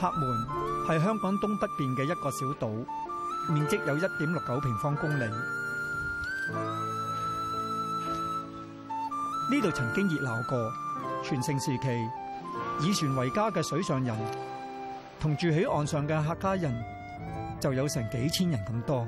塔門係香港東北邊嘅一個小島，面積有一點六九平方公里。呢度曾經熱鬧過，全盛時期以船為家嘅水上人，同住喺岸上嘅客家人就有成幾千人咁多。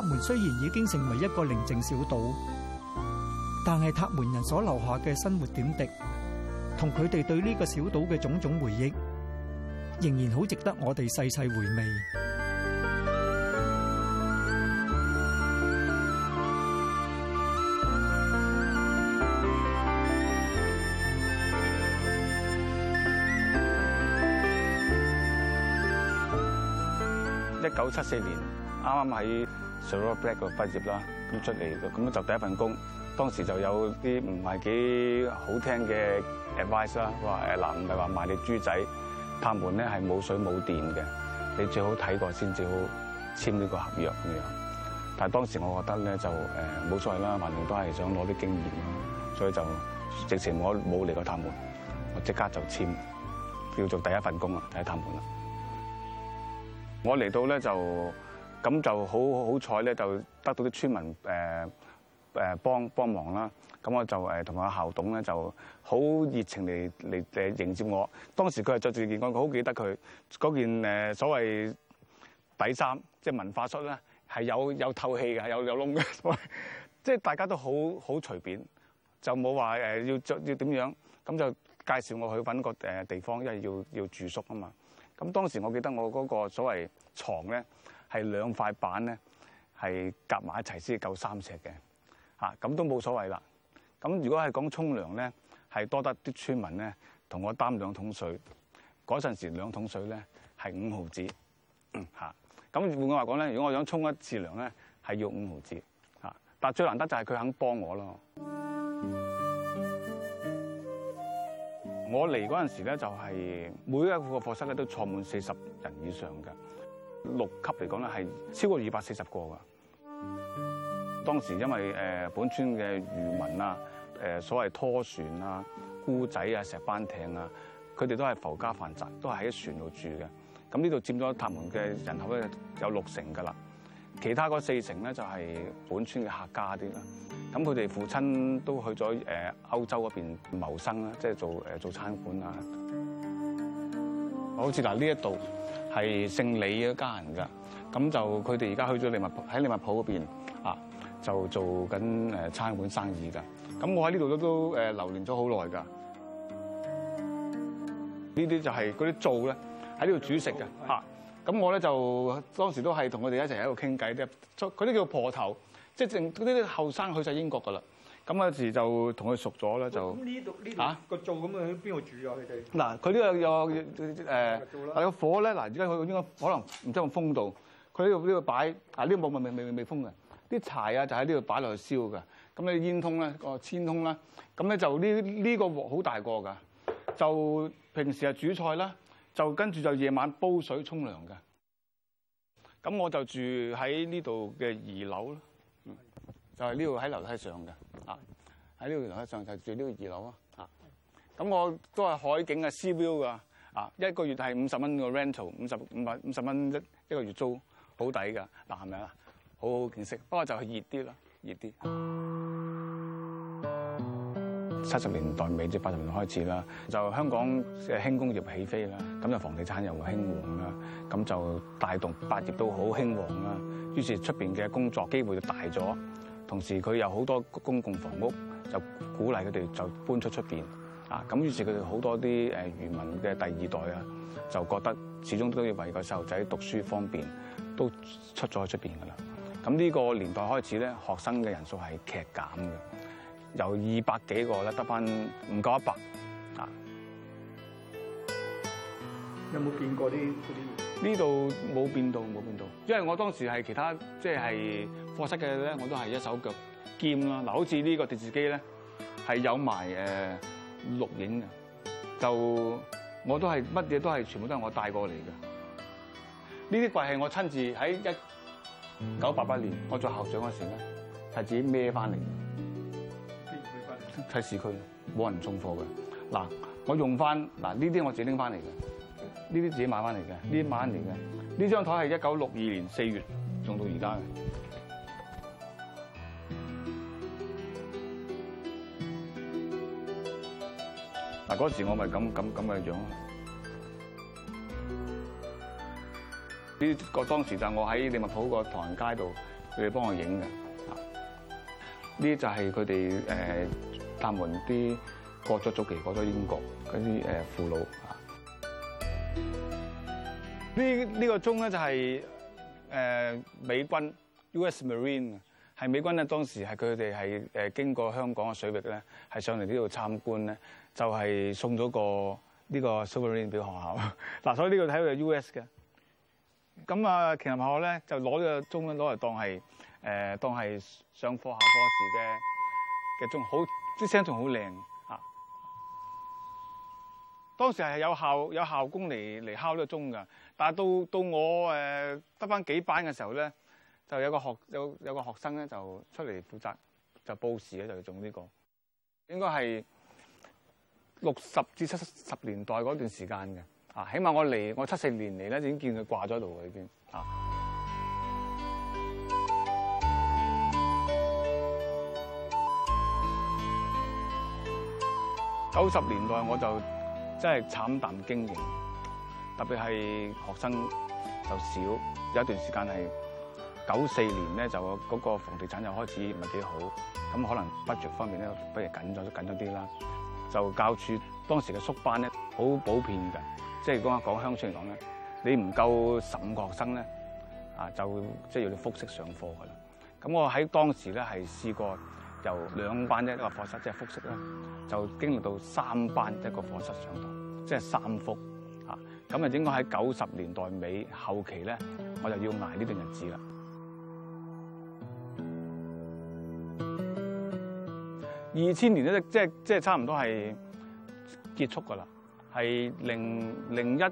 塔門雖然已經成為一個寧靜小島，但係塔門人所留下嘅生活點滴，同佢哋對呢個小島嘅種種回憶，仍然好值得我哋細細回味。一九七四年，啱啱喺。做 rock black 個畢業啦，咁出嚟咁就第一份工，當時就有啲唔係幾好聽嘅 advice 啦，話誒唔係話賣你豬仔，塔門咧係冇水冇電嘅，你最好睇過先至好簽呢個合約咁樣。但係當時我覺得咧就誒冇、呃、所謂啦，橫掂都係想攞啲經驗啦，所以就直情我冇嚟過塔門，我即刻就簽叫做第一份工啊，第一塔門啦。我嚟到咧就。咁就好好彩咧，就得到啲村民誒誒、呃、幫幫忙啦。咁我就同埋、呃、校董咧就好熱情嚟嚟誒迎接我。當時佢係着住件，我好記得佢嗰件、呃、所謂底衫，即係文化恤咧，係有有透氣嘅，有有窿嘅，所即係大家都好好隨便，就冇話要着要點樣。咁就介紹我去揾個地方，因為要要住宿啊嘛。咁當時我記得我嗰個所謂床咧。係兩塊板咧，係夾埋一齊先夠三尺嘅，嚇，咁都冇所謂啦。咁如果係講沖涼咧，係多得啲村民咧同我擔兩桶水。嗰陣時兩桶水咧係五毫子，嚇。咁換句話講咧，如果我想沖一次涼咧，係要五毫子，嚇。但最難得就係佢肯幫我咯。我嚟嗰陣時咧，就係每一個課室咧都坐滿四十人以上嘅。六級嚟講咧，係超過二百四十個噶當時因為誒本村嘅漁民啊，誒所謂拖船啊、姑仔啊、石班艇啊，佢哋都係浮家泛宅，都係喺船度住嘅。咁呢度佔咗塔門嘅人口咧有六成噶啦，其他嗰四成咧就係本村嘅客家啲啦。咁佢哋父親都去咗誒歐洲嗰邊謀生啦，即係做誒做餐館啊好。好似嗱呢一度。係姓李嘅一家人㗎，咁就佢哋而家去咗利物浦，喺利物浦嗰邊啊，就做緊誒餐館生意㗎。咁我喺、呃、 呢度都誒流連咗好耐㗎。呢啲就係嗰啲做咧喺呢度煮食嘅。嚇。咁、 啊、我咧就當時都係同佢哋一齊喺度傾偈咧。佢啲叫婆頭，即係剩嗰啲後生去晒英國㗎啦。咁有時就同佢熟咗啦、嗯。就嚇、嗯啊啊、個灶咁樣喺邊度煮咗，佢哋嗱，佢呢度有誒、呃嗯、個火咧嗱，而家佢應該可能唔知將封度，佢呢度呢度擺啊呢個冇咪未未未封嘅啲柴啊就喺呢度擺落去燒㗎。咁你煙通咧個千通啦，咁、哦、咧就呢呢、呢個鑊好大個㗎，就平時係煮菜啦，就跟住就夜晚煲水沖涼㗎。咁我就住喺呢度嘅二樓咯。就係呢度喺樓梯上嘅啊！喺呢度樓梯上就住呢個二樓啊！啊，咁我都係海景嘅 sea view 噶啊！一個月係五十蚊個 rental，五十五百五十蚊一一個月租，好抵㗎嗱，係咪啊？好好見識，不過就係熱啲啦，熱啲。七十年代尾至八十年代開始啦，就香港嘅輕工業起飛啦，咁就房地產又會興旺啦，咁就帶動百業都好興旺啦。於是出邊嘅工作機會就大咗。同時佢有好多公共房屋，就鼓勵佢哋就搬出出面。啊！咁於是佢哋好多啲誒漁民嘅第二代啊，就覺得始終都要為個細路仔讀書方便，都出咗出面噶啦。咁呢個年代開始咧，學生嘅人數係劇減嘅，由二百幾個咧得返唔夠一百啊！有冇見過啲？呢度冇變到，冇變到，因為我當時係其他即係。就是課室嘅咧，我都係一手腳兼啦。嗱，好似呢個電視機咧，係有埋誒錄影嘅。就我都係乜嘢都係全部都係我帶過嚟嘅。呢啲櫃係我親自喺一九八八年我做校長嗰時咧，係自己孭翻嚟嘅。喺市區冇人送貨嘅。嗱，我用翻嗱呢啲我自己拎翻嚟嘅，呢啲自己買翻嚟嘅，呢啲買翻嚟嘅。呢張台係一九六二年四月送到而家嘅。嗰時我咪咁咁咁嘅樣咯，呢個當時就我喺利物浦個唐人街度，佢哋幫我影嘅，啊，呢就係佢哋誒，塔門啲、呃、過咗早期過咗英國嗰啲誒父老啊，呢呢、呢個鐘咧就係、是、誒、呃、美軍 US Marine。係美軍咧，當時係佢哋係經過香港嘅水域咧，係上嚟呢度參觀咧，就係、是、送咗個呢、呢個 s u p e r i n 俾學校。 嗱、啊，所以呢度睇到有 U.S. 嘅。咁啊，其實學校咧就攞呢個鐘攞嚟當係誒、呃、當係上課下課時嘅，其好啲聲，仲好靚吓。當時係有校有校工嚟嚟敲呢個鐘㗎，但係到到我得翻、呃、幾班嘅時候咧。就有個學有有個學生咧，就出嚟負責就報時咧，就做呢個應該係六十至七十年代嗰段時間嘅啊。起碼我嚟我七四年嚟咧，已經見佢掛咗喺度已經啊。啊，九十年代我就真係慘淡經營，特別係學生就少有一段時間係。九四年咧，就、那、嗰個房地產又開始唔係幾好，咁可能 budget 方面咧不如緊咗，緊咗啲啦。就教處當時嘅縮班咧，好普遍㗎，即係講講鄉村嚟講咧，你唔夠十五個學生咧啊，就即係要你複式上課㗎啦。咁我喺當時咧係試過由兩班一個課室即係複式啦，就經歷到三班一個課室上堂，即、就、係、是、三複。啊。咁啊，應該喺九十年代尾後期咧，我就要捱呢段日子啦。二千年咧，即係即係差唔多係結束噶啦。係零零一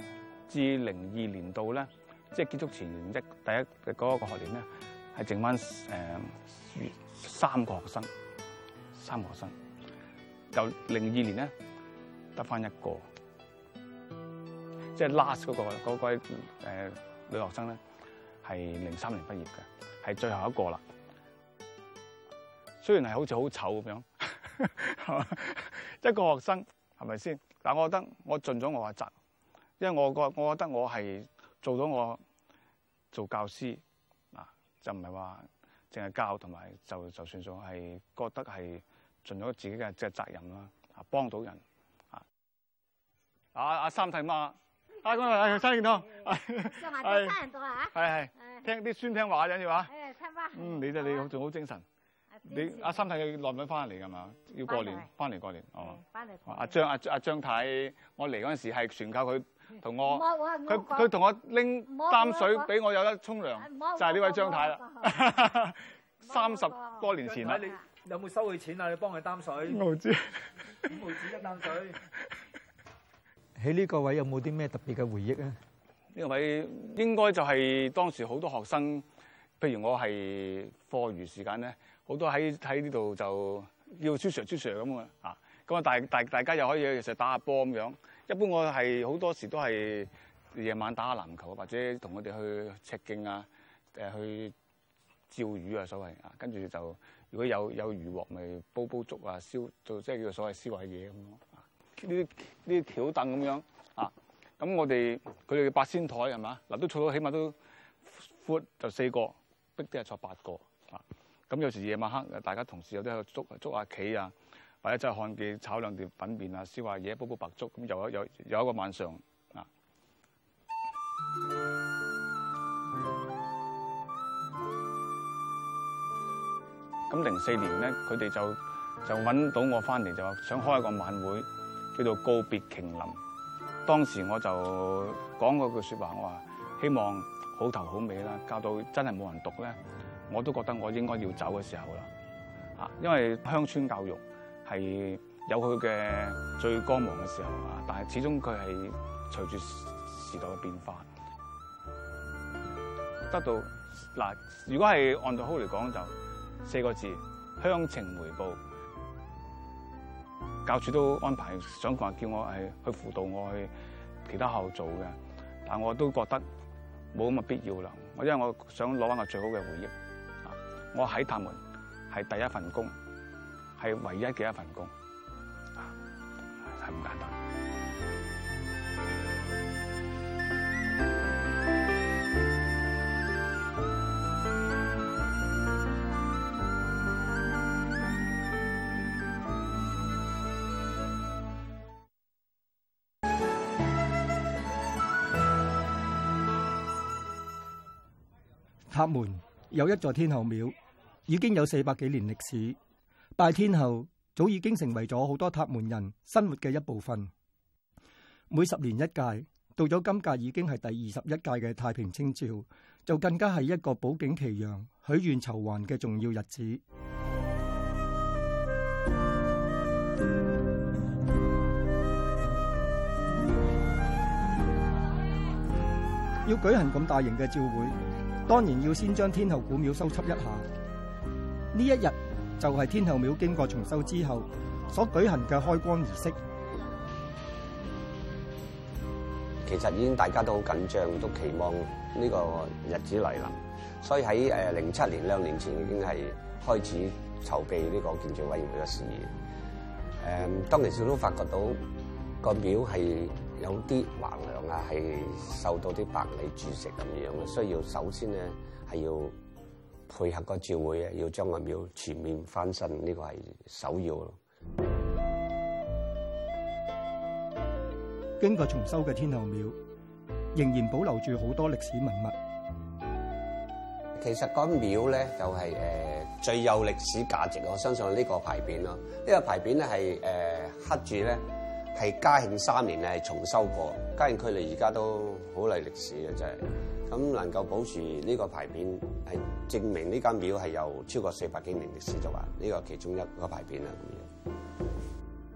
至零二年度咧，即係結束前年即第一嗰一、那個學年咧，係剩翻誒、呃、三個學生，三個學生。就零二年咧得翻一個，即係 last 嗰個嗰、嗰個誒女學生咧，係零三年畢業嘅，係最後一個啦。雖然係好似好醜咁樣。一個學生係咪先？但我覺得我盡咗我嘅責，因為我個我覺得我係做到我做教師啊，就唔係話淨係教，同埋就就算咗係覺得係盡咗自己嘅即係責任啦，啊幫到人啊。阿阿三太媽，阿哥阿三賢堂，係係聽啲孫聽話嘅人嘅話，嗯、哎哎哎哎哎哎，你哋係好仲好精神。你阿三太耐唔耐翻嚟㗎嘛？要過年翻嚟過年哦。阿、啊、張阿阿、啊、張太，太，我嚟嗰陣時係全靠佢同我佢佢同我拎擔水俾我有得沖涼，就係、是、呢位張太啦。三十 多年前啦，太太你有冇收佢錢啊？你幫佢擔水。唔知，五毫紙一擔水。喺呢個位有冇啲咩特別嘅回憶啊？呢、這個位應該就係當時好多學生，譬如我係課餘時間咧。好多喺喺呢度就要出 sir 出 sir 咁啊，啊咁啊大大大家又可以其實打下波咁樣。一般我係好多時都係夜晚打下籃球啊，或者同我哋去赤徑啊誒去照魚啊所謂啊，跟住就如果有有魚獲，咪煲煲粥啊燒就即係叫做所謂燒下嘢咁咯。啊呢啲呢啲條凳咁樣啊，咁、啊啊啊、我哋佢哋八仙台係嘛，嗱、啊、都坐到起碼都闊就四個，逼啲係坐八個。咁有時夜晚黑，大家同事有啲去捉捉，捉下棋啊，或者走去漢記炒兩碟粉麵啊，燒下嘢煲煲白粥。咁有有有一個晚上啊，咁零四年咧，佢哋就就揾到我翻嚟，就話想開一個晚會， 叫做告別瓊林。當時我就講嗰句説話，我話希望好頭好尾啦，教到真係冇人讀咧。我都覺得我應該要走嘅時候啦，啊，因為鄉村教育係有佢嘅最光芒嘅時候啊，但係始終佢係隨住時代嘅變化得到嗱。如果係按照好嚟講，就四個字：鄉情回報。教主都安排想話叫我係去輔導我去其他校做嘅，但我都覺得冇咁嘅必要啦。我因為我想攞返個最好嘅回憶。我喺塔門係第一份工，係唯一嘅一份工，係唔簡單。塔門。有一座天后廟，已經有四百幾年歷史。拜天后早已經成為咗好多塔門人生活嘅一部分。每十年一屆，到咗今屆已經係第二十一屆嘅太平清醮，就更加係一個保境祈祥許願求還嘅重要日子。 要舉行咁大型嘅醮會，當然要先將天后古廟收葺一下，呢一日就係天后廟經過重修之後所舉行嘅開光儀式。其實已經大家都好緊張，都期望呢個日子嚟臨。所以喺誒零七年兩年前已經係開始籌備呢個建築委員會嘅事宜。當其時都發覺到個廟係，有啲橫梁啊，係受到啲白蟻蛀食咁樣嘅，需要首先咧係要配合個召會啊，要將個廟全面翻新。呢個係首要咯。經過重修嘅天后廟，仍然保留住好多歷史文物。其實個廟咧就係誒最有歷史價值，我相信呢個牌匾咯，呢個牌匾咧係誒刻住咧。係嘉慶三年咧，係重修過。嘉慶距離而家都好耐歷史嘅，真係咁能夠保持呢個牌匾，係證明呢間廟係有超過四百幾年歷史的，就話呢個其中一個牌匾啦。咁樣，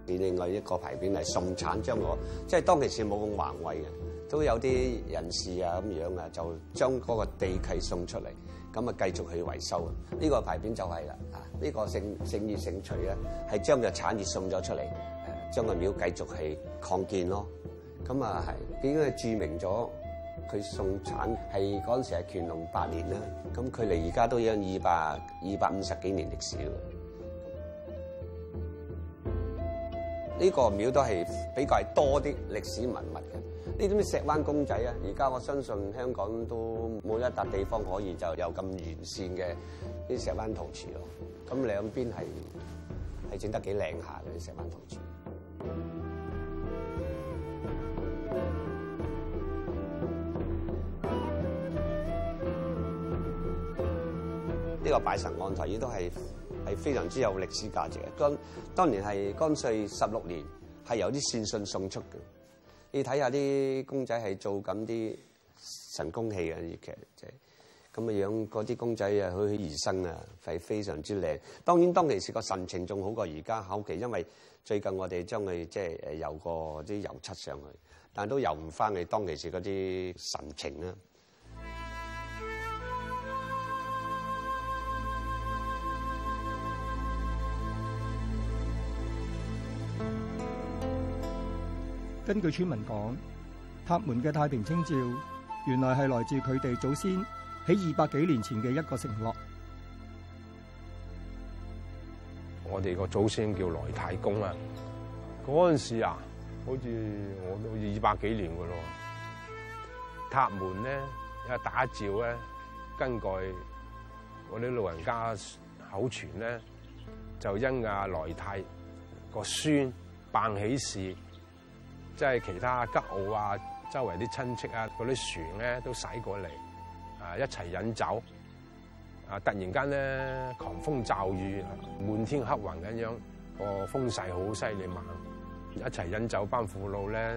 你另外一個牌匾係送產將我、那個，即係當其時冇咁宏偉嘅，都有啲人士啊咁樣啊，就將嗰個地契送出嚟，咁啊繼續去維修。呢、這個牌匾就係、是、啦，啊、這、呢個姓姓義姓徐咧，係將個產業送咗出嚟。將個廟繼續係擴建咯，咁啊已經係注明咗佢送產係嗰陣時係乾隆八年啦。咁距離而家都有二百二百五十幾年歷史嘅。呢個廟都係比較多啲歷史文物嘅。呢啲石灣公仔啊，而家我相信香港都冇一笪地方可以就有咁完善嘅啲石灣陶瓷咯。咁兩邊係係整得幾靚下嘅石灣陶瓷。呢、這個拜神案台亦都係係非常之有歷史價值嘅。當當年係光緒十六年，係有啲善信送出嘅。你睇下啲公仔係做緊啲神功戲嘅粵劇。即係咁嘅樣，嗰啲公仔啊，栩栩而生啊，係非常之靚。當然當其時個神情仲好過而家，後期因為最近我哋將佢即係誒油過啲油漆上去，但都油唔翻你當其時嗰啲神情啦。根據村民講，塔門嘅太平清醮原來係來自佢哋祖先。喺二百幾年前嘅一個承諾，我哋個祖先叫來太公啊。嗰陣時啊，好似我都好似二百幾年嘅咯。塔門咧一打照咧，根據我啲老人家口傳咧，就因啊來太個孫辦喜事，即係其他吉澳啊，周圍啲親戚啊，嗰啲船咧都駛過嚟。啊！一齊飲酒，啊！突然間咧，狂風驟雨，滿天黑雲咁樣，風很個風勢好犀利猛。一齊飲酒，班父老咧，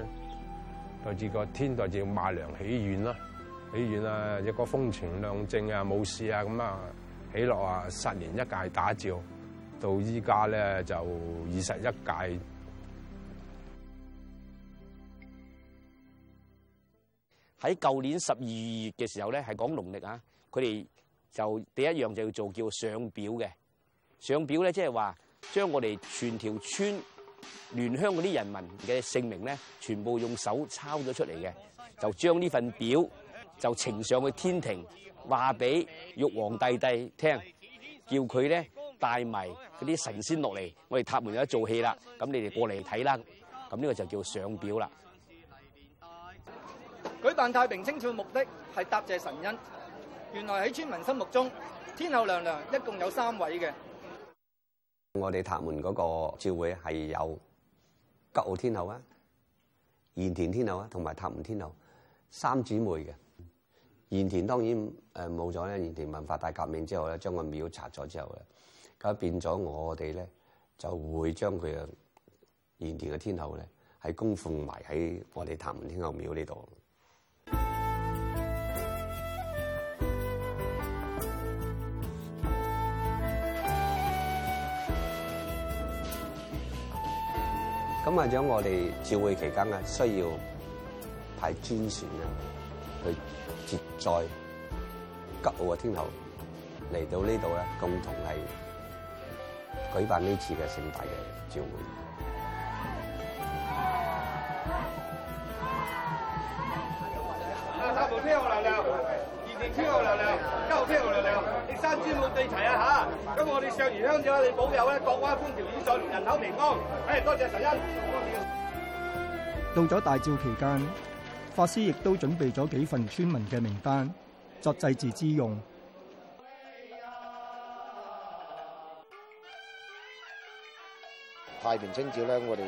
對住個天，對住馬良起願咯，起願啊！一個風情亮正啊，冇事啊咁啊，起落啊，十年一屆打照，到依家咧就二十一屆。喺舊年十二月嘅時候咧，係講農曆啊，佢哋就第一樣就要做叫上表嘅上表咧，即係話將我哋全條村聯鄉嗰啲人民嘅姓名咧，全部用手抄咗出嚟嘅，就將呢份表就呈上去天庭，話俾玉皇大帝聽，叫佢咧帶埋嗰啲神仙落嚟，我哋塔門有得做戲啦，咁你哋過嚟睇啦，咁呢個就叫上表啦。舉辦太平清朝嘅目的係答謝神恩。原來喺村民心目中，天后娘娘一共有三位嘅。我哋塔門嗰個召會係有吉澳天后啊、鹽田天后啊同埋塔門天后三姊妹嘅。鹽田當然誒冇咗咧，鹽田文化大革命之後咧，將個廟拆咗之後咧，咁變咗我哋咧就會將佢嘅鹽田嘅天后咧喺供奉埋喺我哋塔門天后廟呢度。咁啊！將我哋召會期間啊，需要派專船啊，去接載吉澳嘅天后嚟到呢度咧，共同係舉辦呢次嘅盛大嘅召會。啊！你山專冇對齊啊嚇！咁我哋上完香之後，你保佑咧，各灣風調雨順，人口平安。誒，多謝神恩。到咗大醮期間，法師亦都準備咗幾份村民嘅名單，作祭祀之用。太平清醮咧，我哋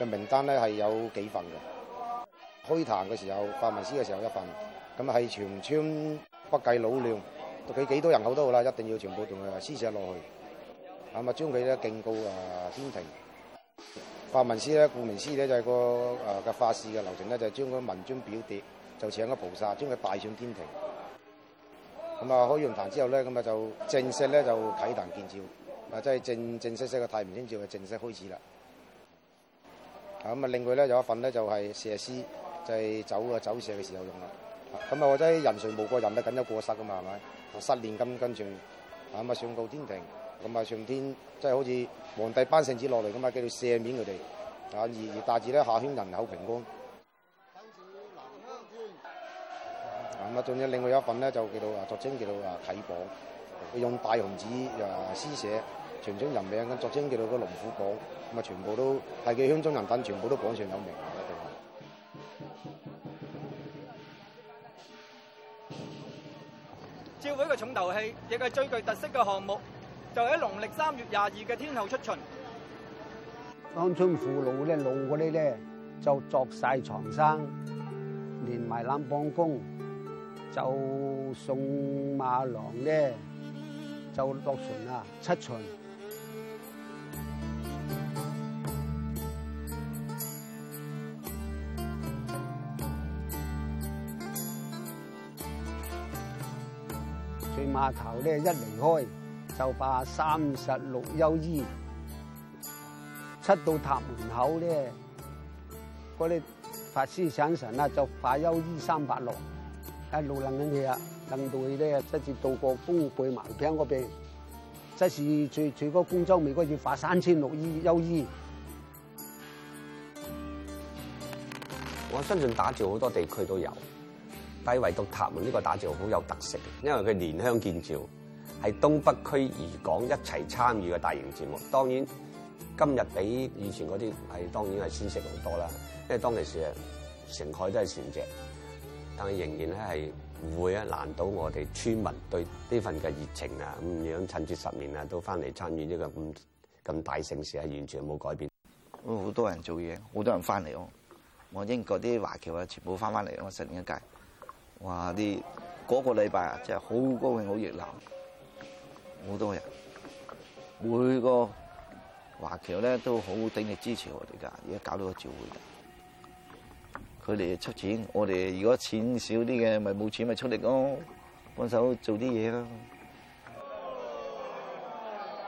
嘅名單咧係有幾份嘅。開壇嘅時候，法文師嘅時候一份，咁係全村不計老嫩。佢幾多人口都好啦，一定要全部同佢施捨落去，咁啊將佢咧警告啊天庭。法文書咧、顧文書咧，就係個誒嘅法事嘅流程咧，就將嗰啲文章表牒就請個菩薩將佢帶上天庭。咁啊開完壇之後咧，咁啊就正式咧就啟壇建醮，啊即係正正式式嘅太平清醮就正式開始啦。啊咁啊，另外咧有一份咧就係射師，就係、是、走啊走射嘅時候用啦。咁啊，或者人誰無過人啊，梗有過失啊嘛，係咪？失念咁跟住咁啊上告天庭，咁、嗯、啊上天即係好似皇帝頒聖旨落嚟噶啊叫做赦免佢哋，啊而而大致咧下圈人口平安。咁啊，仲、嗯、有另外一份咧，就叫做啊，俗稱叫做啊啟榜，用大紅紙啊施捨全村人名咁，俗稱叫做個龍虎榜，咁、嗯、啊全部都係佢鄉中人品，全部都榜上有名。廟會嘅重頭戲，亦係最具特色嘅項目，就喺農曆三月廿二嘅天后出巡。當村父老咧，老嗰啲咧就作晒床生，練埋懶膀功，就送馬郎咧就落船啦，出巡。碼頭咧，一離開就化三十六優衣，出到塔門口咧，嗰啲法師上神啊，就化優衣三百六，一路淋緊嘢，淋到去咧，直接到個風背茅廳嗰邊，即是最最高工錢每個月要化三千六衣優衣，我相信打醮好多地區都有。低唯獨塔門呢個打醮好有特色，因為佢聯鄉建醮，喺東北區漁港一齊參與嘅大型節目。當然今日比以前嗰啲係當然係鮮食好多啦，因為當其時啊，成海都係船隻，但係仍然咧係唔會啊難倒我哋村民對呢份嘅熱情啊咁樣，趁住十年啊都翻嚟參與呢個咁咁大盛事係完全冇改變。都好多人做嘢，好多人翻嚟哦。我英國啲華僑啊，全部翻翻嚟，我十年一屆。哇！啲、那、嗰個禮拜啊，真係好高興，好熱鬧，好多人。每個華僑咧都好鼎力支持我哋噶，而家搞到個醮會，佢哋出錢，我哋如果錢少啲嘅，咪冇錢咪出力咯，幫手做啲嘢咯。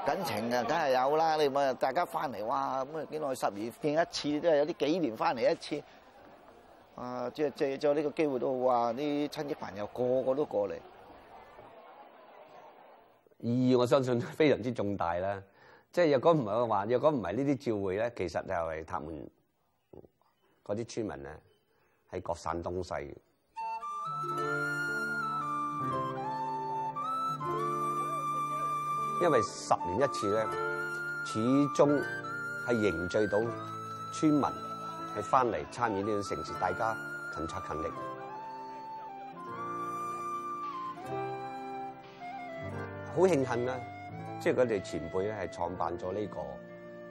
感情啊，梗係有啦，你咪大家翻嚟哇，咁啊幾耐十年見一次，都係有啲幾年翻嚟一次。啊！即係借咗呢個機會都話啲親戚朋友個個都過嚟，意義我相信非常之重大啦。即係若果唔係我話，若果唔係呢啲召會咧，其實就係塔門嗰啲村民咧係各散東西。因為十年一次咧，始終係凝聚到村民。係翻嚟參與呢種城市，大家勤策勤力，好慶幸啊！即係佢哋前輩咧係創辦咗呢個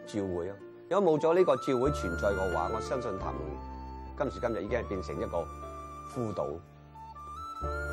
召會啊！如果冇咗呢個召會存在嘅話，我相信佢哋今時今日已經係變成一個孤島。